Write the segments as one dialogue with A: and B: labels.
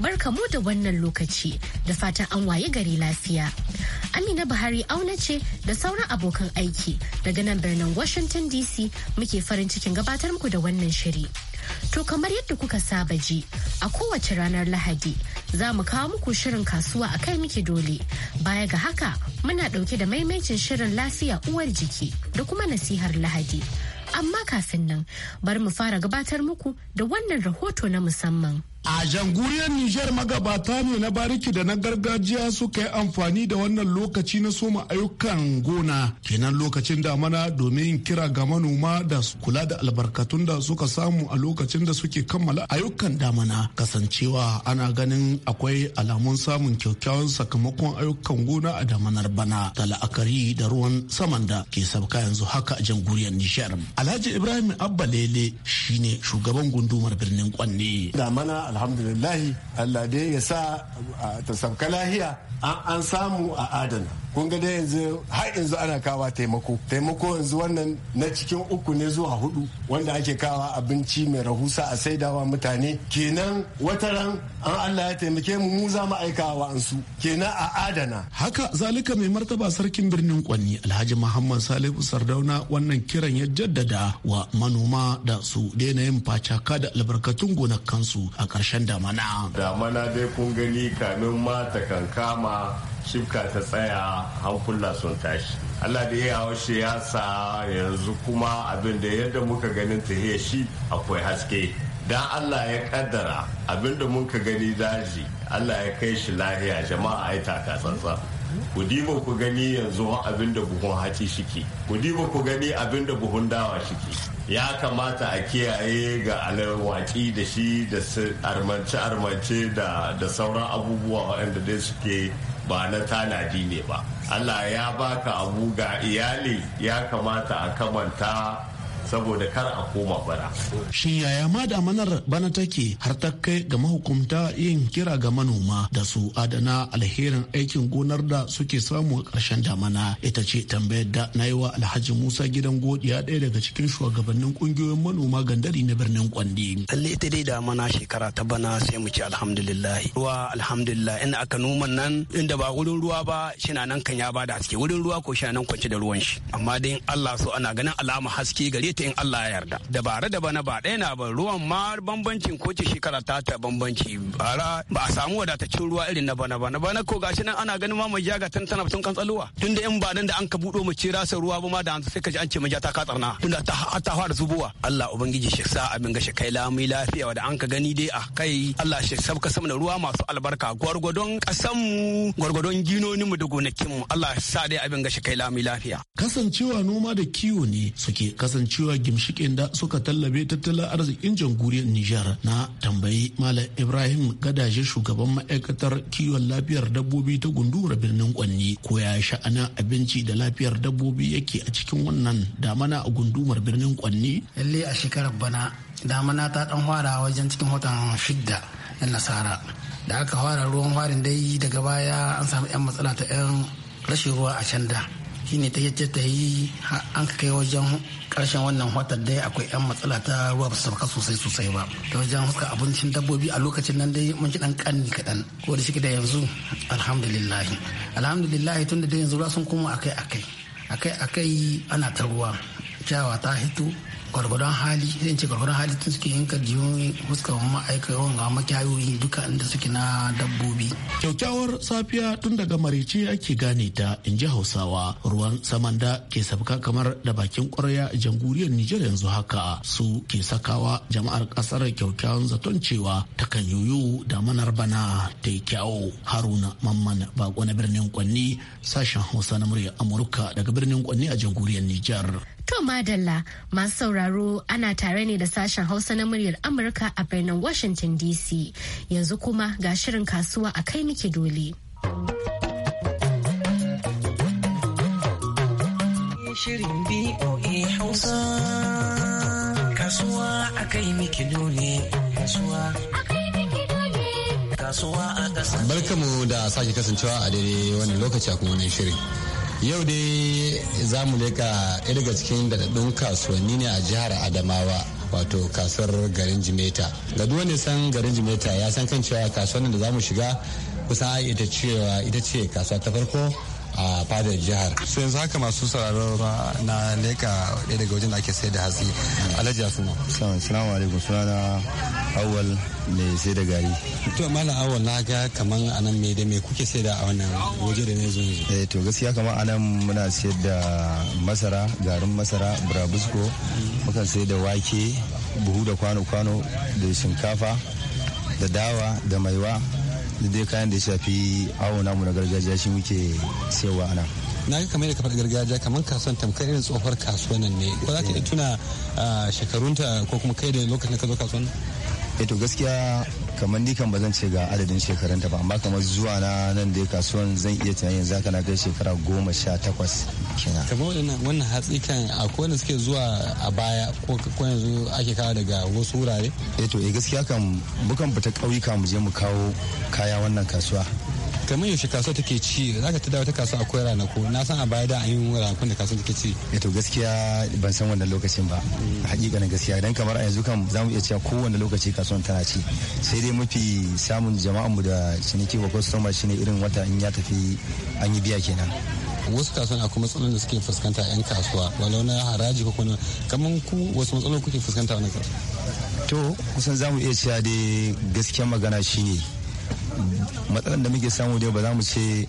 A: barka mu da wannan lokaci da fatan an waye gari lafiya. Amina Buhari auna ce da sauran abokan aiki daga nan birnin Washington DC muke farin cikin gabatar muku da wannan shiri. To kamar yadda kuka saba ji a kowace ranar Lahadi za mu kawo muku shirin kasuwa a kai muke dole. Baya ga haka muna ɗauke da maimaicin shirin lafiya uwar jiki da kuma nasihar Lahadi. Amma kafin nan bari mu fara gabatar muku da wannan rahoto na musamman.
B: A janguriyar Nijar magabata ne na bariki da na gargajiya suka yi amfani da wannan lokaci na soma ayyukan gona kenan lokacin damana domin kira ga manoma da kula da albarkatun da suka samu a lokacin da suke kammala ayyukan damana kasancewa ana ganin akwai alamun samun kyakkyawan sakamakon ayyukan gona a damanar bana Da la'akari da ruwan saman da ke sabka yanzu haka a janguriyar Nijar. Alhaji Ibrahim Abba Lele shine shugaban gundumar birnin Kwanne. Damana alhamdulillahi allah dai ya sa ta sauka lahiya an samu a adana kun ga dai yanzu har yanzu ana kawa taimako taimako yanzu wannan na cikin uku ne zuwa hudu wanda ake kawa abinci mai rahusa a saidawa mutane kenan wata ran an allah ya taimake mu mu za mu aikawa an su kenan a adana haka zalika mai martaba sarkin birnin kwanni alhaji muhammad salihu sardauna wannan kiran ya jaddada wa manoma da su daina yin facaka da albarkatun gonakansu a harshen damana.
C: Damana dai kun gani kamin ma ta kankama shifka ta tsaya hankula sun tashi. Allah da ya haushe ya sa yanzu kuma abin da yadda muka ganin ta shi akwai haske. Dan Allah ya kaddara abin da muka gani daji Allah ya kai shi lahiya jama'a ai taka tsantsan. ku diba ku gani yanzu abin da buhun haci shiki ku diba ku gani abin da buhun dawa shiki ya kamata a kiyaye ga alarwaci da shi da armance armance da da sauran abubuwa waɗanda dai suke ba na tanadi ne ba Allah ya baka abu ga iyali ya kamata a kamanta saboda kar a koma bara.
B: Shin yaya ma damanar bana take har ta kai ga mahukunta yin kira ga manoma da su adana alherin aikin gonar da suke samu a ƙarshen damana ita ce tambayar da na yi wa Alhaji Musa gidan godiya ɗaya daga cikin shugabannin ƙungiyoyin manoma gandari na birnin Kwandi. Lalle ita dai damana shekara ta bana sai mu ce alhamdulillah. Ruwa alhamdulillah inda aka noma nan inda ba wurin ruwa ba shi nan kan ya bada haske wurin ruwa ko shi nan kwance da ruwan shi amma dai Allah so ana ganin alama haske gare ta in Allah ya yarda dabara da bana ba ɗaya na ba ruwan ma bambancin ko ce shekara ta ta bambanci bara ba a samu wadataccen ruwa irin na bana bana bana ko gashi nan ana ganin ma mai jaga tan tana tun kan tsaluwa tun da in ba nan da an ka buɗo mu ce rasa ruwa ba ma da sai ka ji an ce mai ta ka tsarna tun da ta ta fara zubowa Allah ubangiji shi sa abin gashi kai lami lafiya da an ka gani dai a kai Allah shi sabka sama da ruwa masu albarka gwargwadon mu gwargwadon mu da mu Allah sa dai abin gashi kai lami lafiya kasancewa noma da kiwo ne suke kasancewa zuwa gimshikin da suka tallabe tattalin arzikin jamhuriyar Nijar na tambayi Malam Ibrahim Gadaje shugaban ma'aikatar kiwon lafiyar dabbobi ta gundura birnin Kwanni ko ya sha'ana abinci da lafiyar dabbobi yake a cikin wannan damana a gundumar birnin Kwanni. Lalle a shekarar bana damana ta dan fara wajen cikin watan shidda
D: na nasara da aka fara ruwan farin dai daga baya an samu 'yan matsala ta 'yan rashin ruwa a can da shine ta yace ta yi an kai wajen karshen wannan watan dai akwai yan matsala ta ruwa ba su sauka sosai sosai ba ta wajen huska abincin dabbobi a lokacin nan dai mun ji dan kanni kaɗan ko da shi da yanzu alhamdulillah alhamdulillah tun da yanzu ruwa sun koma akai akai akai akai ana ta ruwa ciyawa ta hito gwargwadon hali zan ce gwargwadon hali tun suke yanka jiyoyin fuskar ma'aikawan ga makiyayoyi duka inda suke na dabbobi.
B: kyaukyawar safiya tun daga marice ake gane ta in ji hausawa ruwan samanda ke sabka kamar da bakin kwarya jamhuriyar nijar yanzu haka su ke sakawa jama'ar kasar kyaukyawan zaton cewa takan yoyo da manar bana ta yi kyawo haruna mamman bako na birnin kwanni sashen hausa na murya amurka daga birnin kwanni a jamhuriyar nijar.
A: to madalla masu saura. sauraro ana tare ne da sashen Hausa na muryar Amurka a birnin Washington DC. Yanzu kuma ga shirin kasuwa a kai nike dole.
E: Hausa Kasuwa
C: Kasuwa Barkamu da sake kasancewa a daidai wannan lokaci a kuma wannan shirin. yau dai za mu leka daga cikin daɗaɗɗun kasuwanni ne a jihar adamawa wato kasuwar garin jimeta ga duk wanda san garin jimeta ya san kan cewa kasuwar da za mu shiga kusa ita cewa ita ce kasuwa ta farko a fadar jihar Su yanzu haka masu sauraro na leka ɗaya daga wajen da ake
F: sayar da hatsi alhaji asuma salamu alaikum sunana awal ne sai da gari to malam awal na ga kaman anan me da me kuke sai da a wannan waje da na zo yanzu eh to gaskiya kaman anan muna sayar da masara garin masara burabusko mukan sayar da wake buhu da kwano-kwano da shinkafa da dawa da maiwa da dai kayan da ya shafi awo namu na gargajiya shi muke sayarwa ana na ga kamar da kafar gargajiya kamar kasuwan tamkar irin tsohuwar kasuwan ne ko za ka
C: tuna ah, shekarunta ko kuma kai da lokacin da ka zo kasuwan
F: eto eh to gaskiya kamar ni kan ba zan ce ga adadin shekarun ta ba amma kamar zuwa na nan da kasuwan zan iya tunanin yanzu haka na kai shekara goma sha takwas kenan
C: kamar wannan hatsi kan akwai wanda suke zuwa
F: a baya ko yanzu ake kawo daga wasu wurare eto eh to eh gaskiya kan mukan fita ƙauyuka mu je mu kawo kaya wannan kasuwa kamar yaushe kasuwa take ci za ka ta dawo ta kasuwa akwai ranaku na san a baya da an yi ranakun da kasuwa take ci eh to gaskiya ban san wannan lokacin ba hakikanin gaskiya idan kamar a yanzu kan za mu iya cewa kowane lokaci kasuwan tana ci sai dai mafi samun jama'anmu da ciniki wa shi ne irin wata in ya tafi an yi biya kenan
C: wasu kasuwan akwai matsalolin da suke fuskanta 'yan kasuwa walau na haraji ko kuma
F: kamar ku wasu matsalolin kuke fuskanta wani kasuwa to kusan za mu iya cewa dai gaskiyar magana ne. matsalan da muke samu dai ba za mu ce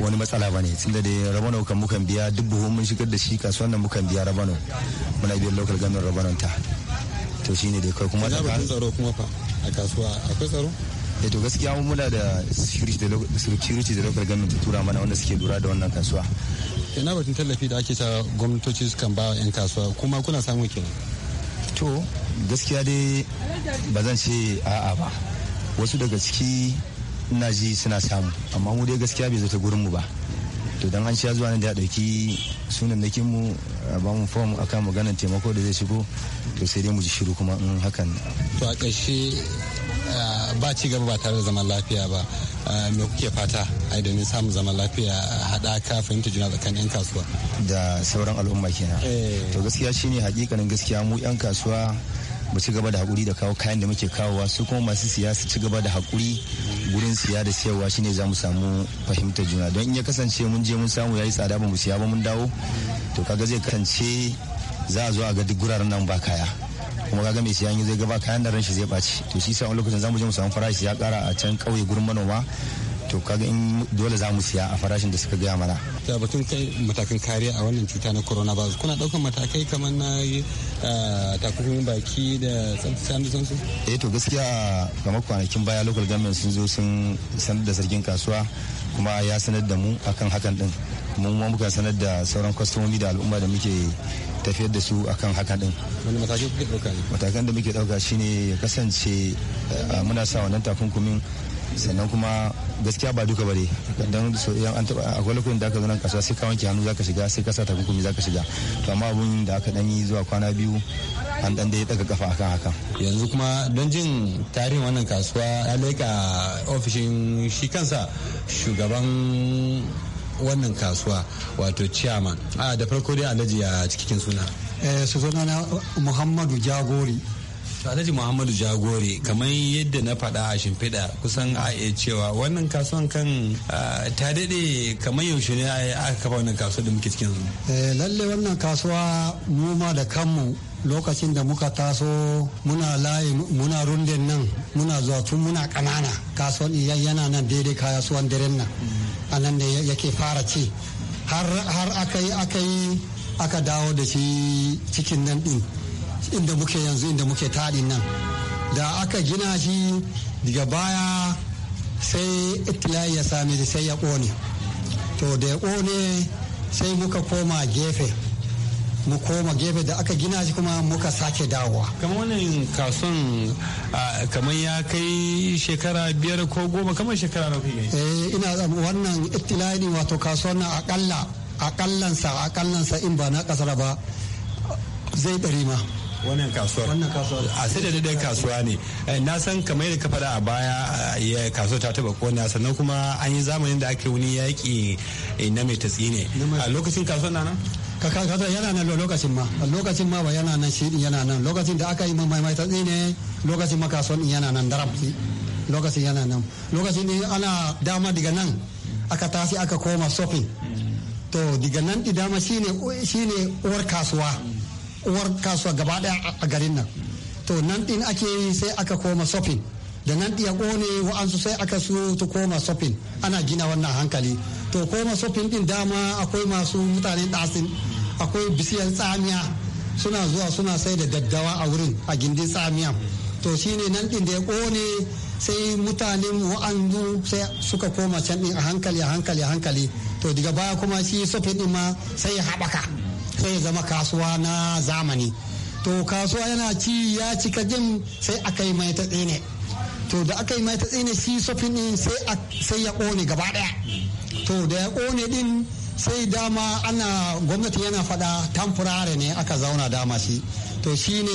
F: wani matsala ba ne tunda da rabano kan mukan biya duk buhu mun shigar da shi kasuwan nan mukan biya rabano muna biyan local government rabanon ta to shine dai kai kuma tsakanin tsaro kuma fa a kasuwa akwai tsaro eh to gaskiya mun muna da security da security da local government ta tura mana wanda suke lura da wannan kasuwa ina batun tallafi da ake ta gwamnatoci sukan ba yan kasuwa kuma kuna samu kenan to gaskiya dai ba zan ce a'a ba wasu da ciki na ji suna samu amma mu dai gaskiya bai zo ta gurin mu ba to dan an sha zuwa ne da dauki sunan nakin mu ba mu form akan maganan taimako da zai shigo to sai dai mu ji shiru kuma in hakan
C: to a ƙarshe ba ci gaba ba tare da zaman lafiya ba me kuke fata a ni samun zaman lafiya haɗaka fahimta juna tsakanin 'yan kasuwa
F: da sauran al'umma kenan eh. to gaskiya shine hakikanin gaskiya mu 'yan kasuwa mu ci gaba da hakuri da kawo kayan da muke kawowa su kuma masu siya su ci gaba da hakuri gurin siya da siyarwa shine za mu samu fahimtar juna don in ya kasance mun je mun samu yayi tsada ba mu siya ba mun dawo to kaga zai kasance za a zo a ga duk guraren nan ba kaya kuma kaga mai siyan zai gaba kayan da ran shi zai baci to shi sa wani lokacin za mu je mu samu farashi ya kara a can kauye gurin manoma to kaga in dole za mu siya a farashin da suka gaya mana
C: da batun kai matakan kariya a
F: wannan cuta na corona ba
C: kuna daukan matakai kamar na
F: takunkumin baki da tsantsan da sansu eh to gaskiya kamar kwanakin baya local government sun zo sun sanar da sarkin kasuwa kuma ya sanar da mu akan hakan din mun ma muka sanar da sauran kwastomomi da al'umma da muke tafiyar da su akan haka din.
C: Wani matakan ɗauka ne?
F: da muke ɗauka shine ya kasance muna sa wannan takunkumin sannan kuma gaskiya ba duka bare don so idan an taba akwai lokacin da aka zo kasuwa sai ka wanke hannu zaka shiga sai ka sa takunkumi zaka shiga to amma abun da aka dan yi zuwa kwana biyu an dan dai daga kafa akan haka
C: yanzu kuma don jin tarihin wannan kasuwa ya leka ofishin shi kansa shugaban wannan kasuwa wato chairman a ah, da farko dai alhaji a cikin suna
D: eh su muhammadu jagori
C: To Alhaji Muhammadu Jagore kamar yadda na faɗa a shimfiɗa kusan a iya cewa wannan kasuwan kan ta daɗe kamar yaushe ne a aka kafa wannan kasuwa da muke cikin
D: eh, Lalle wannan kasuwa mu ma da kanmu lokacin da muka taso muna layi muna rundin nan muna zuwa tun muna ƙanana kasuwan yana nan daidai kasuwan daren nan a nan ne yake fara ci har aka yi aka dawo da shi cikin nan ɗin inda muke yanzu inda muke taɗi nan da aka gina shi daga baya sai itilayi ya sami da sai ya ƙone to da ya ƙone sai muka koma gefe mu koma gefe da aka gina shi kuma muka sake dawowa
C: kamar wannan kasuwan kamar ya kai shekara biyar ko goma kamar shekara na yi eh ina wannan itilayi wato
D: kasuwan na akalla akallansa akallansa in ba na kasara ba zai
C: ɗari ma wannan kasuwar wannan kasuwar a sai da daidai kasuwa ne eh, na san kamar yadda ka faɗa a baya eh, kasuwar ta taba kona sannan kuma an yi zamanin da aka yi wani yaƙi eh, na mai tatsi ne a lokacin kasuwar na nan kaka kasa yana nan lokacin ma
D: lokacin ma ba yana nan shi yana nan lokacin da aka yi mai mai tatsi ne lokacin ma kasuwar yana nan daram lokacin yana nan lokacin ne ana dama daga nan aka tasi aka koma shopping to daga nan idama shine shine uwar kasuwa uwar kasuwa gaba daya a garin nan to nan din ake yi sai aka koma shopping da nan ya kone wa'ansu sai aka su ta koma shopping ana gina wannan hankali to koma shopping din dama akwai masu mutanen ɗasin akwai bisiyar tsamiya suna zuwa suna sai da daddawa a wurin a gindin tsamiya to shine nan din da ya kone sai mutanen wa'anzu sai suka koma can din a hankali a hankali a hankali to daga baya kuma shi shopping din ma sai ya haɓaka sai ya zama kasuwa na zamani to kasuwa yana ci ya cika jin sai aka yi mai ta tsine to da aka yi mai ta tsine shi sofin din sai ya kone gaba daya to da ya kone din sai dama ana gwamnati yana fada tamfurare ne aka zauna dama shi to shine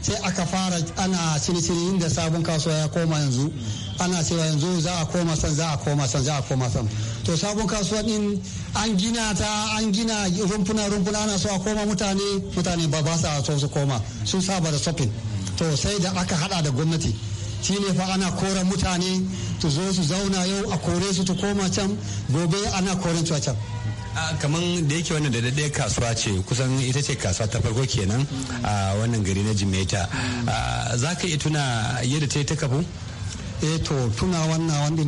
D: sai aka fara ana sinisiri inda sabon kasuwa ya koma yanzu ana cewa yanzu za a koma san za a koma san za a koma san to sabon kasuwa din an gina ta an gina rumfuna rumfuna ana so a koma mutane mutane ba ba sa so su koma sun saba da shopping to sai da aka hada da gwamnati shi ne fa ana koren mutane su zo su zauna yau a kore su ta koma can gobe ana koren su a
C: can kamar da yake wannan da daɗaya kasuwa ce kusan ita ce kasuwa ta farko kenan a wannan gari na jimeta za ka iya tuna yadda ta yi ta kafu
D: eh to tuna wannan wanda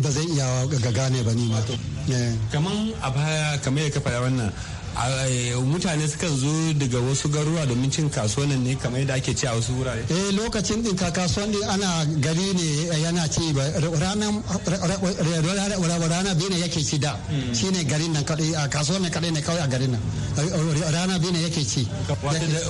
D: ba zai iya ga gane ba ni ma
C: kamar a baya kamar ya kafa wannan Eh, mutane sukan zo daga wasu garuruwa domin cin kasuwan ne kamar yadda ake ci a wasu wurare eh
D: lokacin din din ana gari ne eh, yana ci ba rana biyu yake ci da hmm. shine garin nan kadai a kasuwannin kadai ne kawai a garin nan rana biyu yake ci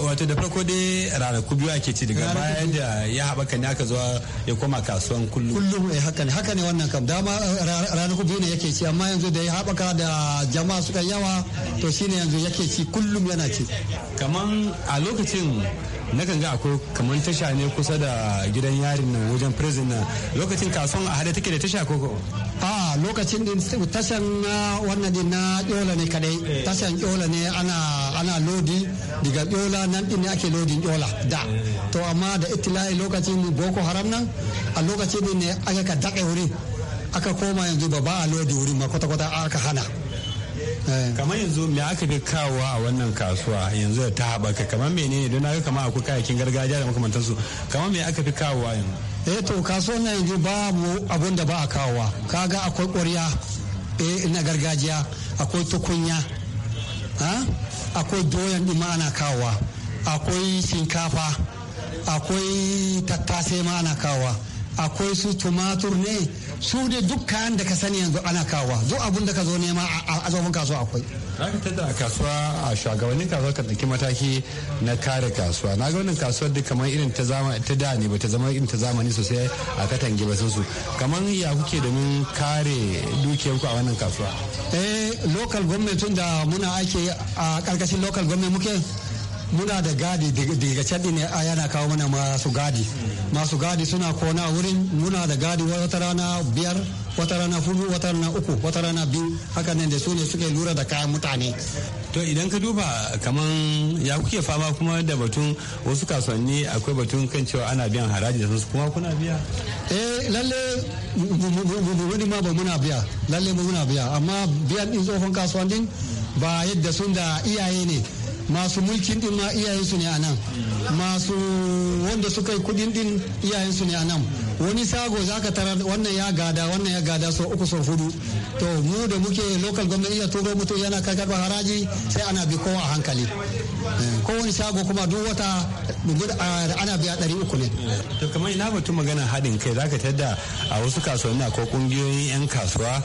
C: wato da farko dai ku biyu ake ci daga bayan da ya haɓaka ne aka zuwa ya koma kasuwan kullum
D: kullum eh haka ne haka ne wannan kam dama eh, ku biyu ne yake ci amma yanzu da ya
C: haɓaka da jama'a suka yawa to shi ne yanzu yake ci kullum yana ci kaman a lokacin na kan ga akwai kamar tasha ne kusa da gidan yarin nan wajen prison na lokacin kasuwan a hada take da tasha ko ko.
D: a lokacin din tashan wannan din na yola ne kadai eh. tashan yola ne ana ana lodi daga yola nan din ne ake lodin yola da eh. to amma da itilai lokacin boko haram nan a lokacin din ne aka ka dake wuri aka koma yanzu ba ba a lodi wurin ma kwata-kwata aka hana
C: Eh. kamar yanzu me aka fi kawo a wannan kasuwa yanzu ta haɓaka kamar menene don haka kamar akwai kayayyakin gargajiya da makamantansu kamar me aka fi kawo yanzu eh to kasuwar nan yanzu ba mu abun da ba a kawowa kaga akwai ƙwarya eh na
D: gargajiya akwai tukunya ah, akwai doyan ɗima ana kawowa akwai shinkafa akwai tattasai ma ana kawowa akwai su tumatur ne su dai duk kayan da ka sani yanzu ana kawowa duk abun da ka zo nema a azofin kasuwa akwai
C: zaka tada a kasuwa a shugabannin kasuwa kan ɗauki mataki na kare kasuwa na ga wannan kasuwar duk kamar irin ta zama ta da ne bata zama irin ta zamani sosai a katange ba su kamar ya kuke domin kare dukiyar ku a wannan kasuwa
D: eh local government tun da muna ake a karkashin local government muke muna da gadi daga can ne a yana kawo mana masu gadi masu gadi suna kona wurin muna da gadi wata rana biyar wata rana hudu wata rana uku wata rana biyu haka
C: nan da su ne suke lura da kayan mutane to idan ka duba kaman ya kuke fama kuma da batun wasu kasuwanni akwai batun kan cewa ana biyan haraji da su kuma kuna biya
D: eh lalle wani ma ba muna biya lalle muna biya amma biyan din tsohon kasuwannin ba yadda sun da iyaye ne masu mulkin din ma iyayensu ne a nan masu wanda suka yi kudin din iyayensu ne a nan wani sago za ka tarar wannan ya gada wannan ya gada sau uku sau hudu to mu da muke local gwamnati ya turo mutu yana kai karɓar haraji sai ana bi kowa a hankali
C: eh,
D: kowane shago kuma duk wata ana biya ɗari uku
C: ne. to kamar ina batun magana haɗin kai za ka tadda a wasu kasuwanni ko ƙungiyoyin 'yan kasuwa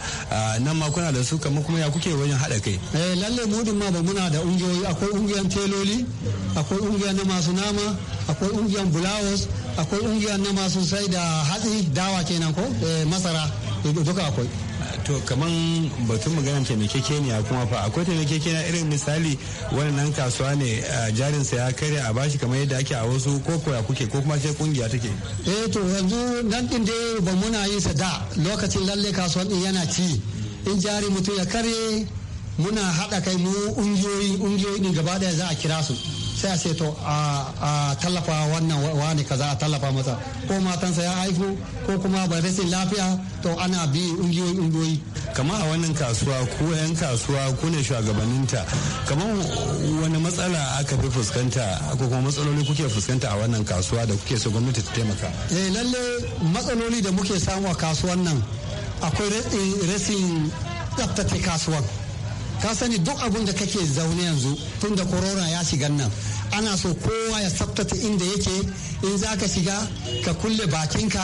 C: nan ma kuna da su kamar kuma ya kuke wajen haɗa kai. eh lalle din ma ba muna da ƙungiyoyi akwai ƙungiyan teloli
D: akwai ƙungiya na masu nama akwai ƙungiyan bulawos akwai ƙungiyar na masu sai da
C: hatsi dawa kenan ko eh, masara duka akwai to kaman batun magana taimakeke ne kuma fa akwai na irin misali wannan kasuwa ne jarinsa ya karya a bashi kamar yadda ake a wasu ko koya kuke ko kuma sai kungiya take eh to yanzu nan
D: din dai ba muna yin sa da lokacin lalle kasuwan din yana ci in jari mutum ya karye muna haɗa kai mu ungiyoyi ungiyoyi din gaba daya za a kira su sai a ce to a tallafa wannan wani kaza a tallafa masa ko matansa ya haifu ko kuma ba rashin lafiya to ana bi ungiyoyi ungiyoyi
C: kama a wannan kasuwa ko yan kasuwa ko ne shugabanninta kamar wani matsala aka fi fuskanta ko kuma matsaloli kuke fuskanta a wannan kasuwa da kuke so gwamnati ta taimaka
D: eh lalle matsaloli da muke samu a kasuwan nan akwai rashin tsaftace kasuwan ka sani duk abun da kake zaune yanzu tun da korona ya shiga nan ana so kowa ya tsabtace inda yake in za ka shiga ka kulle bakinka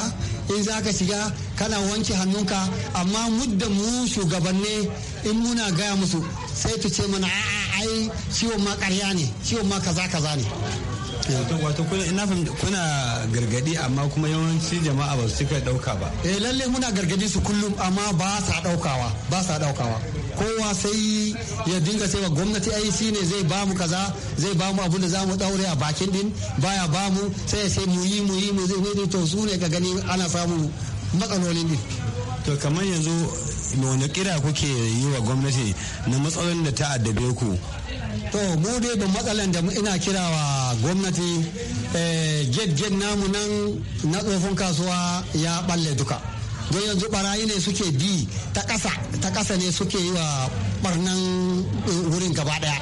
D: in za ka shiga kana wanke hannunka amma mudda mu shugabanni in muna gaya musu sai tu ce mana a'a ai ciwon ma karya ne ciwon ma kaza kaza ne
C: wato kuna kuna gargadi amma kuma yawanci jama'a ba su cika dauka ba
D: eh lalle muna gargadi su kullum amma ba sa daukawa
C: ba sa daukawa
D: kowa sai ya dinga wa gwamnati ai shi ne zai bamu kaza zai bamu abin da za mu daure a bakin din baya bamu sai ya mu yi mu yi mu zai ne to su ne ka gani ana
C: samu matsalolin din to kamar yanzu wani kira kuke yi wa gwamnati na matsalolin da ta addabe ku to mu dai da matsalan da ina kira
D: wa gwamnati get eh, get namu nan na tsofin kasuwa ya balle duka don yanzu barayi ne suke bi ta kasa ta kasa ne suke yi wa barnan eh, wurin gaba daya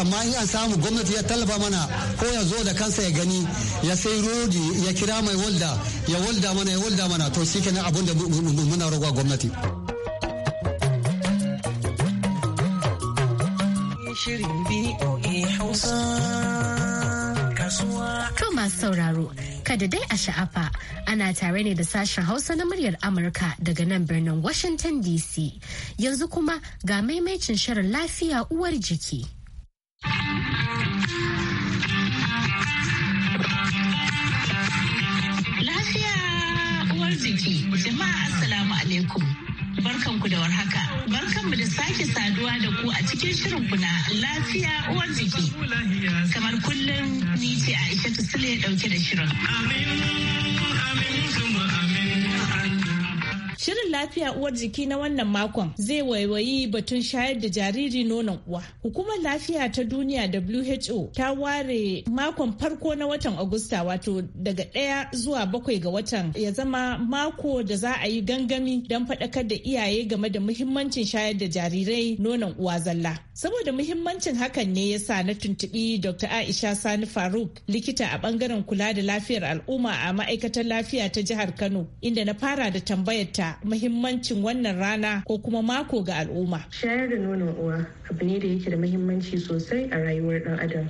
D: amma in an samu gwamnati ya tallafa mana ko ya zo da kansa ya gani ya sai rodi ya kira mai walda ya walda mana ya walda mana to shi kenan abin da muna roƙa gwamnati
E: shirin
A: To masu sauraro, kada dai a sha'afa ana tare ne da sashen Hausa na muryar Amurka daga nan birnin Washington DC. Yanzu kuma ga maimacin shirin lafiya uwar jiki.
E: Lafiya uwar jiki, jama'a Assalamu alaikum. Barkanku da warhaka. Barkanmu da sake saduwa da ku a cikin shirin kuna lafiya uwar jiki. Kamar kullum ni ce Aisha Sule dauke da shirin. Amin. min you. Shirin lafiya uwar jiki na wannan makon zai waiwayi batun shayar da jariri nonon uwa. Hukumar lafiya ta duniya WHO ta ware makon farko na watan Agusta wato daga ɗaya zuwa bakwai ga watan ya zama mako da za a yi gangami don faɗakar da iyaye game da muhimmancin shayar da jarirai nonon uwa zalla. Saboda muhimmancin hakan ne ya sa na tuntuɓi Dr. Aisha Sani Faruk likita a bangaren kula da lafiyar al'umma a ma'aikatar lafiya ta jihar Kano inda na fara da tambayar ta mahimmancin wannan rana ko kuma mako ga al'umma? Shayar da nonon uwa abu ne da yake da mahimmanci sosai a rayuwar ɗan adam.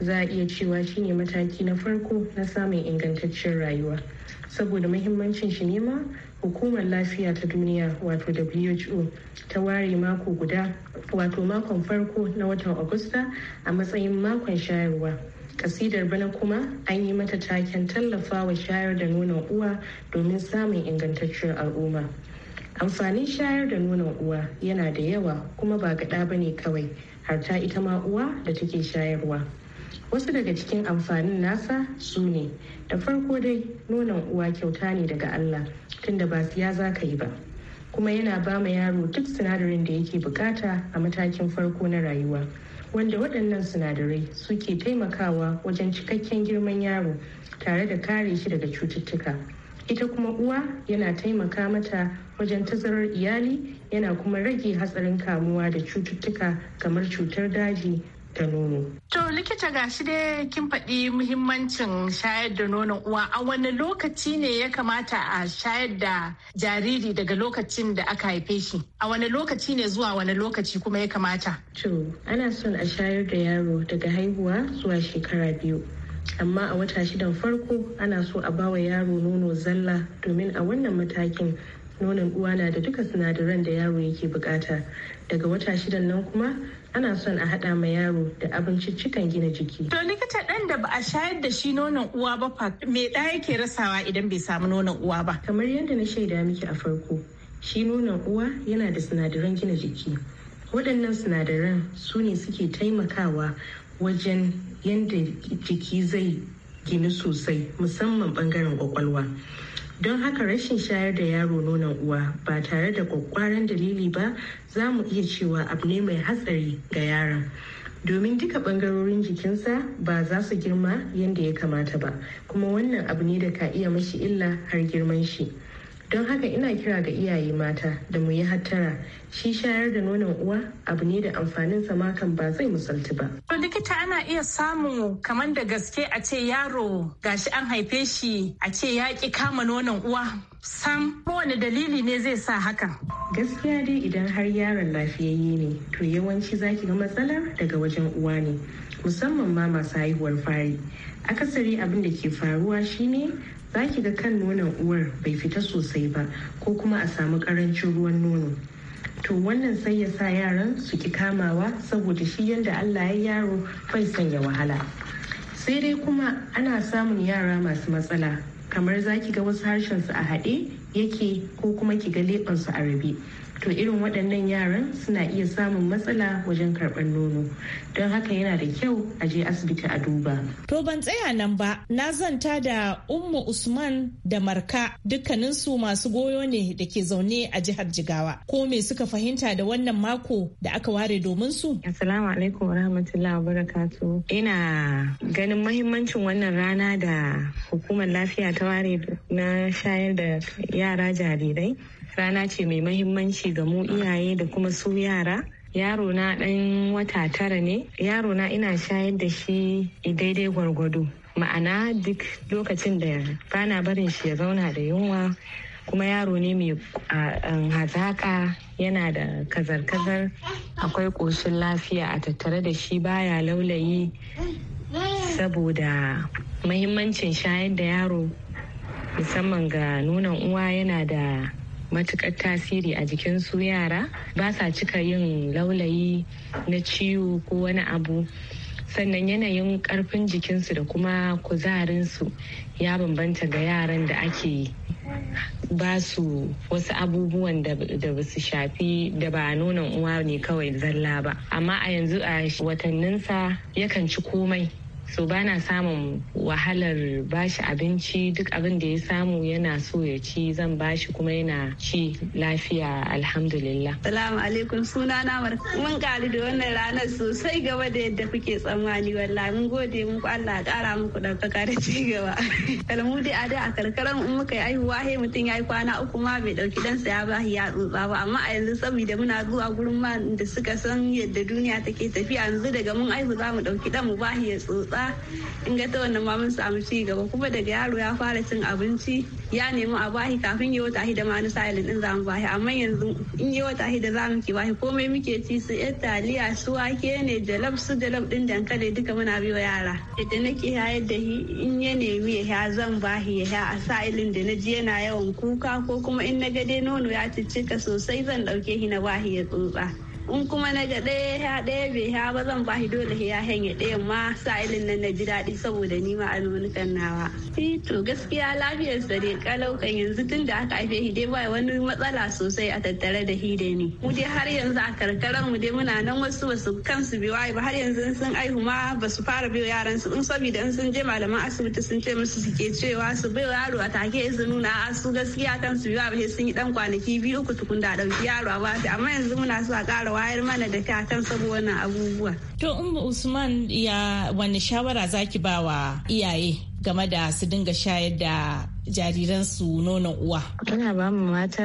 E: Za a iya cewa shi ne mataki na farko na samun ingantaccen rayuwa. Saboda mahimmancin shi ne ma hukumar lafiya ta duniya wato who ta ware mako guda wato makon farko na watan agusta a matsayin makon shayarwa kasidar bana kuma an yi mata taken tallafawa shayar da nonon uwa domin samun ingantacciyar al'umma amfanin shayar da nonon uwa yana da yawa kuma ba gaɗa ba ne kawai har ta ita ma uwa da take shayarwa wasu daga cikin amfanin nasa su ne da farko dai nonon uwa kyauta ne daga allah tunda ba siya za ka yi ba kuma yana ba ma yaro duk sinadarin da yake bukata a matakin farko na rayuwa wanda waɗannan sinadarai suke taimakawa wajen cikakken girman yaro tare da kare shi daga cututtuka ita kuma uwa yana taimaka mata wajen tazarar iyali yana kuma rage hatsarin kamuwa da cututtuka kamar cutar daji ta nono. To likita ga shi dai kin faɗi muhimmancin shayar da nonon uwa a wani lokaci ne ya kamata a shayar da jariri daga lokacin da aka haife shi a wani lokaci ne zuwa wani lokaci kuma ya kamata. To ana son a shayar da yaro daga haihuwa zuwa shekara biyu. amma a wata shidan farko ana so a bawa yaro nono zalla domin a wannan matakin nonon uwa na da duka sinadaran da yaro yake bukata daga wata shidan nan kuma ana son a haɗa ma yaro da cikan gina jiki. To likita ɗan da ba a shayar da shi nonon uwa ba fa me ɗa yake rasawa idan bai samu nonon uwa ba? Kamar yadda na shaida miki a farko, shi nonon uwa yana da sinadaran gina jiki. Waɗannan sinadaran su ne suke taimakawa wajen yadda jiki zai gini sosai musamman ɓangaren ƙwaƙwalwa. don haka rashin shayar da yaro nonon uwa ba tare da kwakwaran dalili ba za mu iya cewa abu ne mai hatsari ga yaron domin duka bangarorin jikinsa ba za su girma yadda ya kamata ba kuma wannan abu ne da ka iya mashi illa har girman shi. don haka ina kira ga iyaye mata da mu yi hattara shi shayar da nonon uwa abu ne da amfanin sa makan ba zai musalti ba. To likita ana iya samu kamar da gaske a ce yaro gashi an haife shi a ce ya ki kama nonon uwa sam kowane dalili ne zai sa haka Gaskiya dai idan har yaron lafiyayye ne to yawanci zaki ga matsalar daga wajen uwa ne musamman ma masu haihuwar fari. Akasari abin da ke faruwa shine za ki ga kan nonon uwar bai fita sosai ba ko kuma a samu karancin ruwan nono to wannan sai ya sa yaran su ki kamawa saboda shi yadda allah ya yaro bai sanya wahala sai dai kuma ana samun yara masu matsala kamar za ki ga wasu harshen su a haɗe yake ko kuma ki ga leɓensu a rabe to irin waɗannan yaran suna iya samun matsala wajen karɓar nono don haka yana da kyau a je asibiti a duba. To ban tsaya nan ba na zanta da Ummu Usman da Marka dukkaninsu masu goyo ne da ke zaune a jihar Jigawa ko me suka fahimta da wannan mako da aka ware domin su. Assalamu alaikum wa rahmatullahi wa barakatu. Ina ganin mahimmancin wannan rana da hukumar lafiya ta ware na shayar da yara jarirai. rana ce mai mahimmanci ga mu iyaye da kuma su yara yaro na ɗan wata tara ne yaro na ina shayar da shi daidai gwargwado ma'ana duk lokacin da bana barin shi ya zauna da yunwa kuma yaro ne mai hazaka yana da kazar-kazar akwai ƙoshin lafiya a tattare da shi baya laulayi saboda mahimmancin shayar da yaro musamman ga nunan uwa yana da matukar tasiri a jikin su yara ba sa cika yin laulayi na ciwo ko wani abu sannan yanayin ƙarfin jikinsu da kuma kuzarinsu ya bambanta ga yaran da ake ba su wasu abubuwan da ba su shafi da ba nonon uwa ne kawai zalla ba amma a yanzu a watanninsa yakan ci komai so na samun wahalar bashi abinci duk abin da ya samu yana so ya ci zan bashi kuma yana ci lafiya alhamdulillah
G: salamu alaikum suna namar mun kari da wannan ranar sosai gaba da yadda kuke tsammani wala mun gode muku Allah kara muku ɗaukaka da ci gaba kalmudi a da a karkarar in muka yi aihuwa he mutum ya yi kwana uku ma bai ɗauki ɗansa ya ba ya tsotsa ba amma a yanzu saboda muna zuwa gurin ma da suka san yadda duniya take tafiya yanzu daga mun aihu za mu ɗauki ɗan mu ba ya tsotsa ba in ga ta wannan ma mun samu ci gaba kuma daga yaro ya fara cin abinci ya nemi a bashi kafin yi wata hida ma na sa'ilin din zamu bahi amma yanzu in yi wata hida mu ki bahi komai muke ci su yan taliya su wake ne jalab su jalab din dankali duka muna bi wa yara da nake ya yadda in ya nemi ya zan bahi ya a sa'ilin da na ji yana yawan kuka ko kuma in na ga nono ya ciccika sosai zan dauke shi na bahi ya tsotsa in kuma na ga ɗaya ya ɗaya bai ha ba zan ba shi dole ya hanya ɗaya ma sa ilin nan na ji daɗi saboda ni ma almanukan nawa. E, to gaskiya lafiyarsa dai kalau kan yanzu tun da aka haife shi dai ba wani matsala sosai a tattare da shi da ni. Mu dai har yanzu a karkaran mu dai muna nan wasu basu kansu bai waye ba har yanzu sun aihu ma basu fara bai yaran su in saboda in sun je malaman asibiti sun ce musu suke cewa su bai yaro a take su nuna su gaskiya kansu a ba sun yi dan kwanaki biyu uku tukun da ɗauki yaro a ba amma yanzu muna so a ƙara wayar mana da kakan saboda wannan abubuwa.
E: To Umma Usman ya wani shawara zaki ba wa iyaye game da su dinga shayar da jariransu nonon uwa. Muna ba mu mata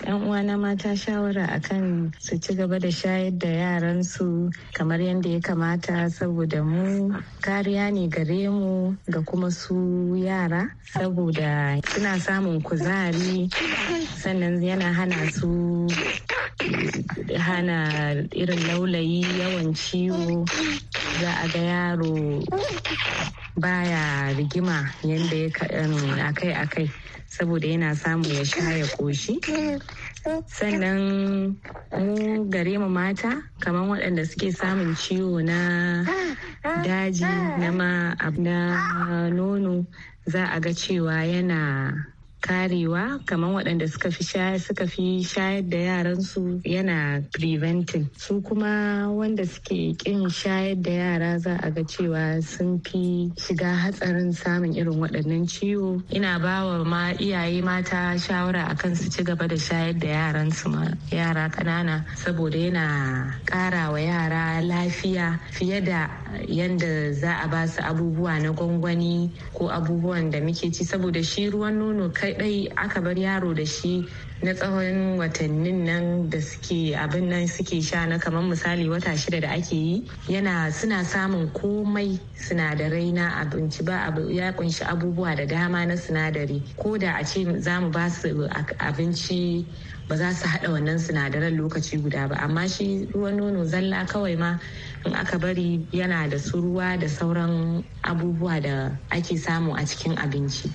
E: yan uwa na mata shawara akan su ci gaba da shayar da yaransu kamar yadda ya kamata saboda mu kariya ne gare mu ga kuma su yara saboda suna samun kuzari sannan yana hana su hana irin laulayi yawan ciwo za a ga yaro baya rigima yadda ya akai akai saboda yana samu ya sha ya koshi sannan mu gare mu mata kamar waɗanda suke samun ciwo na daji na ma abu na nono za a ga cewa yana karewa kamar waɗanda suka fi shayar da yaransu yana preventing su kuma wanda suke kin shayar da yara za a ga cewa sun fi shiga hatsarin samun irin waɗannan ciwo ina ba wa ma iyaye mata shawara akan su ci gaba da shayar da yaransu ma yara ƙanana saboda yana ƙara wa yara lafiya fiye da yanda za a ba su abubuwa na gwangwani ko abubuwan da muke ci saboda shi ruwan nono kai dai aka bar yaro da shi na tsawon watannin nan da suke abin nan suke sha na kamar misali wata shida da ake yi yana suna samun komai sinadarai na abinci ba ya kunshi abubuwa da dama na sinadari ko da a ce za mu ba su abinci ba za su haɗa wannan sinadaran lokaci guda ba amma shi ruwan nono zalla kawai ma in aka bari yana da su ruwa da sauran abubuwa da ake samu a cikin abinci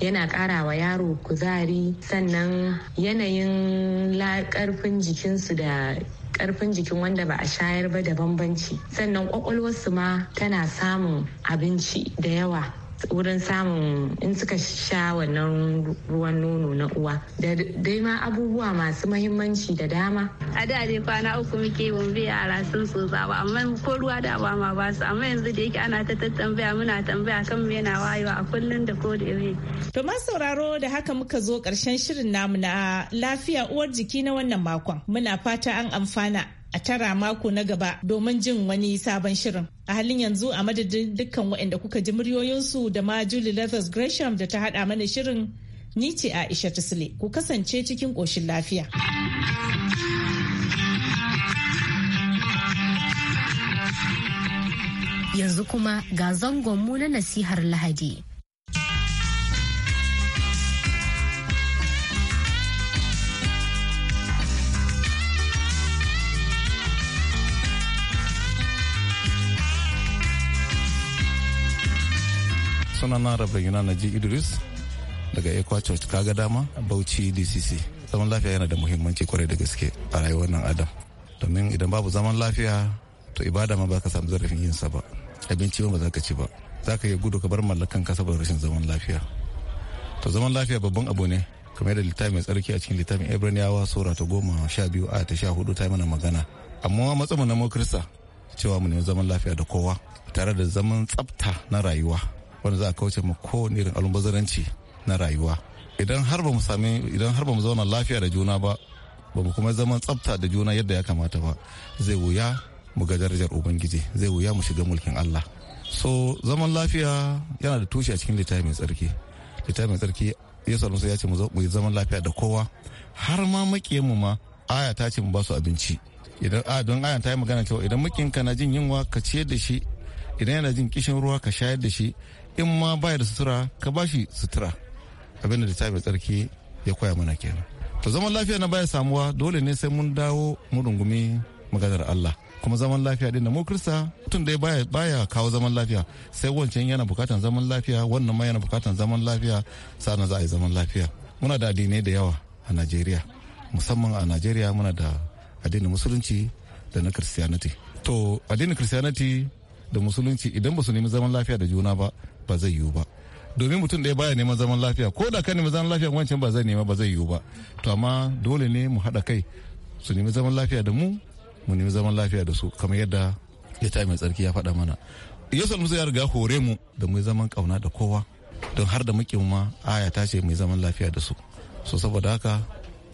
E: yana ƙara wa yaro kuzari sannan yanayin ƙarfin jikinsu da ƙarfin jikin wanda ba a shayar ba da bambanci sannan kwakwalwarsu ma tana samun abinci da yawa wurin samun in suka sha wannan ruwan nono na uwa da dai ma abubuwa masu mahimmanci da dama
G: a da dai kwana uku muke mun bi yara sun so ba amma ko ruwa da ba ma ba su amma yanzu da yake ana ta tambaya muna tambaya kan mu yana wayewa a kullun da ko da yau to ma sauraro da haka muka zo karshen
E: shirin namu na lafiya uwar jiki na wannan makon muna fata an amfana a tara mako na gaba domin jin wani sabon shirin. A halin yanzu a madadin dukkan waɗanda kuka ji muryoyinsu da ma Julie Leathers Gresham da ta haɗa mana shirin ni ce Aisha Tisle ku kasance cikin ƙoshin lafiya. Yanzu kuma ga zangonmu
A: na nasihar Lahadi.
H: sunana rabin yuna ji idris daga ekwa church ga dama bauchi dcc zaman lafiya yana da muhimmanci kwarai da gaske a rayuwar nan adam domin idan babu zaman lafiya to ibada ma ba ka samu zarafin yin sa ba abinci ba za ka ci ba za ka yi gudu ka bar mallakan ka saboda rashin zaman lafiya to zaman lafiya babban abu ne kamar da littafi mai tsarki a cikin littafin ibraniyawa sura ta goma sha biyu a ta sha hudu ta yi mana magana amma matsamu na mu cewa mu nemi zaman lafiya da kowa tare da zaman tsabta na rayuwa wanda za a kauce mu kowane irin almubazaranci na rayuwa idan har ba mu sami idan har ba mu zauna lafiya da juna ba ba mu kuma zaman tsafta da juna yadda ya kamata ba zai wuya mu ga darajar ubangiji zai wuya mu shiga mulkin Allah so zaman lafiya yana da tushe a cikin littafi mai tsarki littafi mai tsarki ya sa ya ce mu yi zaman lafiya da kowa har ma mu ma aya ta ce mu ba su abinci idan a don aya ta yi magana cewa idan ka na jin yunwa ka ciyar da shi idan yana jin kishin ruwa ka shayar da shi in ma baya da sutura ka bashi sutura abinda da littafi tsarki ya koya mana kenan to zaman lafiya na baya samuwa dole ne sai mun dawo mu rungumi maganar Allah kuma zaman lafiya din da mu krista mutum dai baya baya kawo zaman lafiya sai wancan yana bukatan zaman lafiya wannan ma yana bukatan zaman lafiya sannan za a yi zaman lafiya muna da addinai da yawa a Najeriya musamman a Najeriya muna da addinin musulunci da na christianity to addinin christianity da musulunci idan ba su nemi zaman lafiya da juna ba ba zai yiwu ba domin mutum ɗaya baya neman zaman lafiya ko da ka nemi zaman lafiya wancan ba zai nema ba zai yiwu ba to amma dole ne mu haɗa kai su nemi zaman lafiya da mu mu nemi zaman lafiya da su kamar yadda ya ta mai tsarki ya faɗa mana yesu musa ya riga hore mu da mu zaman kauna da kowa don har da muke ma aya ta ce mu zaman lafiya da su so saboda haka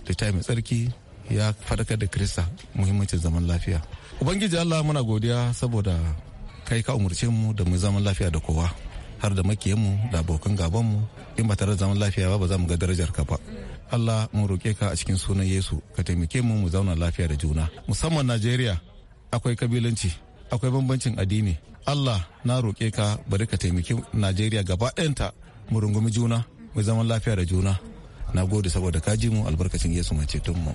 H: da ta mai tsarki ya faɗakar da kirista muhimmancin zaman lafiya ubangiji allah muna godiya saboda kai ka umarce mu da mu zaman lafiya da kowa har da makiyanmu da abokan gabanmu in ba tare da zaman lafiya ba ba za mu ga darajar ka ba Allah mun roƙe ka a cikin sunan Yesu ka taimake mu mu zauna lafiya da juna musamman Najeriya akwai kabilanci akwai bambancin addini Allah na roƙe ka bari ka taimake Najeriya gaba ɗayanta mu rungumi juna mu zaman lafiya da juna na gode saboda ka ji mu albarkacin Yesu mai ceton mu